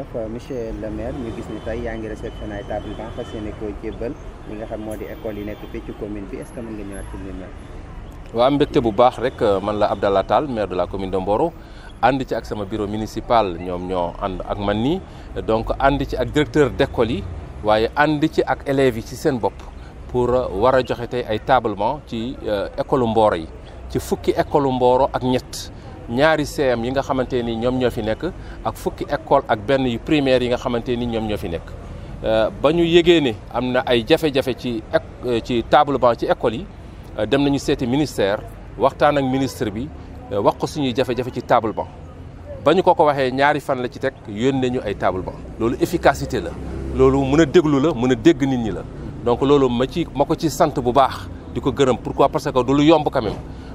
Euh, monsieur le maire ñu gis ni tey yaa ngi réceptionné ay table banc fas yéene ko jébbal ñi nga xam moo di école yi nekk fii ci commune bi est-ce que mën nga ñëwaat ci li mel waaw mbégte bu baax rek euh, man la Abdallah Tall maire de la commune de Mboro ànd ci ak sama bureau municipal ñom ñoo and ak man ni donc ànd ci ak directeur d'école yi waye ànd ci ak élèves yi ci seen bop pour euh, wara joxé tay ay tablement ci école Mboro yi ci fukki école Mboro ak ñett ñaari CM yi nga xamante ni ñoom ñoo fi nekk ak fukki école ak benn yu primaire yi nga xamante ni ñoom ñoo fi nekk euh, ba ñu yëgee ne am na ay jafe-jafe ci euh, ci table ci école yi euh, dem nañu seeti ministère waxtaan ak ministre bi wax ko suñuy jafe-jafe ci table banc ba ñu ko ko waxee ñaari fan la ci teg yónnee nañu ay table banc loolu efficacité la loolu mën a déglu la mën a dégg nit ñi la donc loolu ma ci ma ko ci sant bu baax di ko gërëm pourquoi parce que du lu yomb quand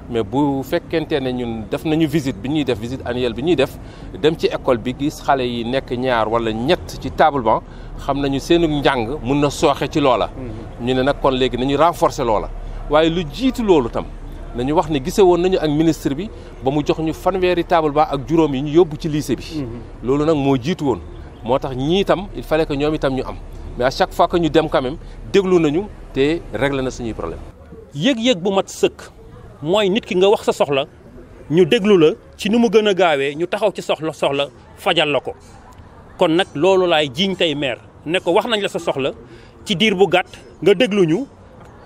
mais bu fekkente ne ñun def nañu visite bi ñuy def visite annuelle bi ñuy def dem ci école bi gis xale yi nekk ñaar wala ñett ci table banc xam nañu seenu njàng mun na sooxe ci loola. Mhm. ñu ne nag kon léegi nañu renforcer loola waaye lu jiitu loolu tam nañu wax ne gise woon nañu ak ministre bi ba mu jox ñu fanweeri table banc ak juróom yi ñu yóbbu ci lycée bi. Mhm. loolu nag moo jiitu woon moo tax ñii tam il fallait ñoom itam ñu am mais à chaque fois que ñu dem quand déglu nañu te réglé na suñuy problème. yëg-yëg bu mat sëkk. mooy nit ki nga wax sa soxla ñu déglu la ci ni mu gën a gaawee ñu taxaw ci soxla soxla fajal la ko kon nag loolu laay jiiñ tey maire ne ko wax nañ la sa soxla ci diir bu gàtt nga déglu ñu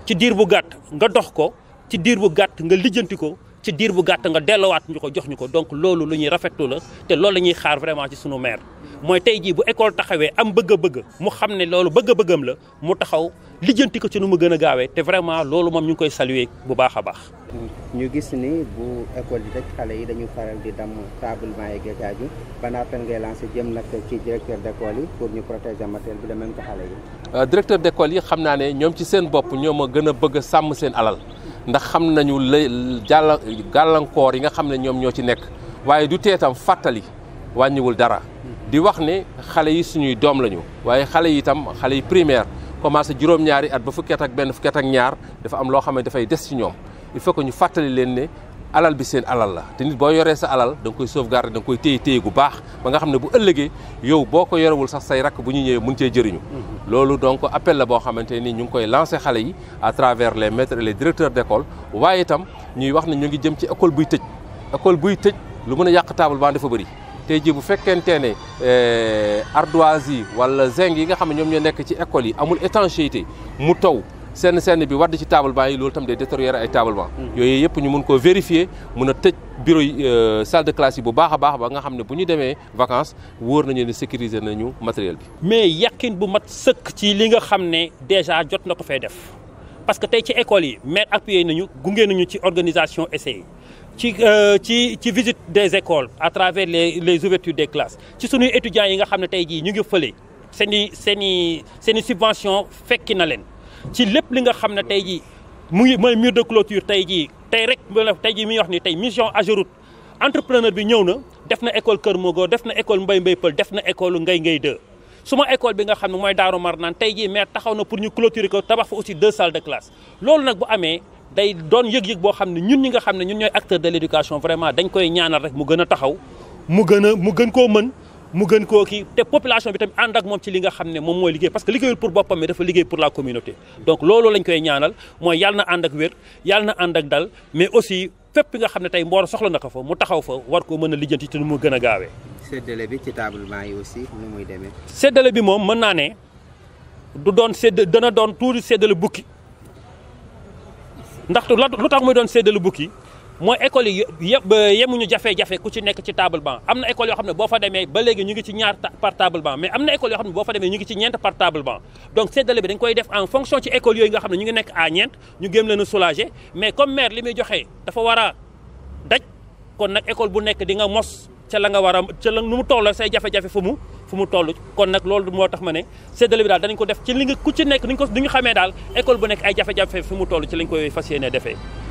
ci diir bu gàtt nga dox ko ci diir bu gàtt nga lijjanti ko ci diir bu gàtt nga dellowaat ñu ko jox ñu ko donc loolu lu ñuy rafetlu la te loolu la ñuy xaar vraiment ci sunu maire mooy tey jii bu école taxawee am bëgg-bëgg mu xam ne loolu bëgg-bëggam la mu taxaw lijjanti ko ci nu mu gën a gaawee te vraiment loolu moom ñu ngi koy saluer bu baax a baax. ñu gis ni bu école yi rek xale yi dañu faral di dem tablement yi géej gi ban appel ngay lancé jëm nag ci directeur d' yi pour ñu protéger matériel bi de même que xale yi. Euh, directeur yi xam naa ñoom ci seen bopp ñoom a gën a bëgg sàmm seen alal. ndax xam nañu le jàll gàllankoor yi nga xam ne ñoom ñoo ci nekk waaye du teetam fàttali wàññiwul dara di wax ne xale yi suñuy doom lañu waaye xale yi itam xale yi primaire commencé juróom-ñaari at ba ak benn qui ak ñaar dafa am des il faut que ñu fàttali leen alal bi seen alal la te nit boo yoree sa alal da nga koy sauvegarder da nga koy téye téye gu baax ba nga xam ne bu ëllëgee yow boo ko yorewul sax say rakk bu ñu ñëwee mun cee jëriñu. Mhm. loolu donc appel la boo xamante ni ñu ngi koy lancé xale yi à travers les maîtres et les directeurs d' école waaye itam ñuy wax ne ñu ngi jëm ci école buy tëj école buy tëj lu mën a yàq table ban dafa bëri. tey jii bu fekkente ne euh, ardoise yi wala zinc yi nga xam ne ñoom ñoo nekk ci école yi amul étanchéité mu taw sen sen bi wad ci table banc yi loolu tam day détériorer ay table banc hmm. yooyu yépp ñu mun ko vérifier mun a tëj bureau euh, salle de classe bu baaxa baax ba nga xamné ne bu ñu demee vacances wóor nañu ni sécuriser nañu matériel bi. mais yakine bu mat sëkk ci li nga xamné déjà jot na ko fay def parce que tay ci école yi maire appuyé nañu gunge nañu ci organisation essai ci euh, ci ci visite des écoles à travers les les ouvertures des classes ci suñu étudiants yi nga xamné tay ji ñu ngi feulé seen i seen subvention fekki na leen. ci lépp li nga xam ne tey jii mu ngi mooy mur de clôture tey jii tey rek tey jii mi ngi wax ni tey mission Ageroute entrepreneur bi ñëw na def na école Kër Mogo def na école Mbay Mbay Pël def na école Ngay Ngay 2 suma école bi nga xam ne mooy Daaru Marnaan tey jii maire taxaw na pour ñu clôturer ko tabax fa aussi deux salles de classe loolu nag bu amee day doon yëg-yëg boo xam ne ñun ñi nga xam ne ñun ñooy acteur de l' vraiment dañ koy ñaanal rek mu gën a taxaw mu gën a mu gën koo mën mu gën koo kii te population bi tamit ànd ak moom ci li nga xam ne moom mooy parce que liggéeyul pour boppam mais dafa liggéey pour la communauté donc lolo lañ koy ñaanal mooy yàlla na ànd ak wér dal mais aussi fépp nga xam ne tey Mboro soxla na ko fa mu taxaw fa war ko mën a lijjanti te nu mu gën a gaawee. séddale bi ci tablement yi aussi nu muy demee. séddale bi moom mën naa ne du doon sédd dana doon tuuti séddale bukki ndaxte lu tax muy doon séddale bukki moy école yi yemuñu jafé jafé ku ci nek ci table banc amna école yo xamné bo fa démé ba légui ñu ngi ci ñaar par table banc mais amna école yo xamné bo fa démé ñu ngi ci ñent par table banc donc c'est bi dañ koy def en fonction ci école yooyu nga xamné ñu ngi nek à ñent ñu gëm leen soulager mais comme maire limi joxé dafa wara daj kon nak école bu nek di nga mos ci la nga wara ci ca la nu mu toll say jafé jafé fumu fumu tollu kon nak loolu motax mané c'est ne séddale dañ ko def ci li nga ku ci nek ñu ko duñu xamé dal école bu nek ay jafé jafé fumu tollu ci lañ koy fas défé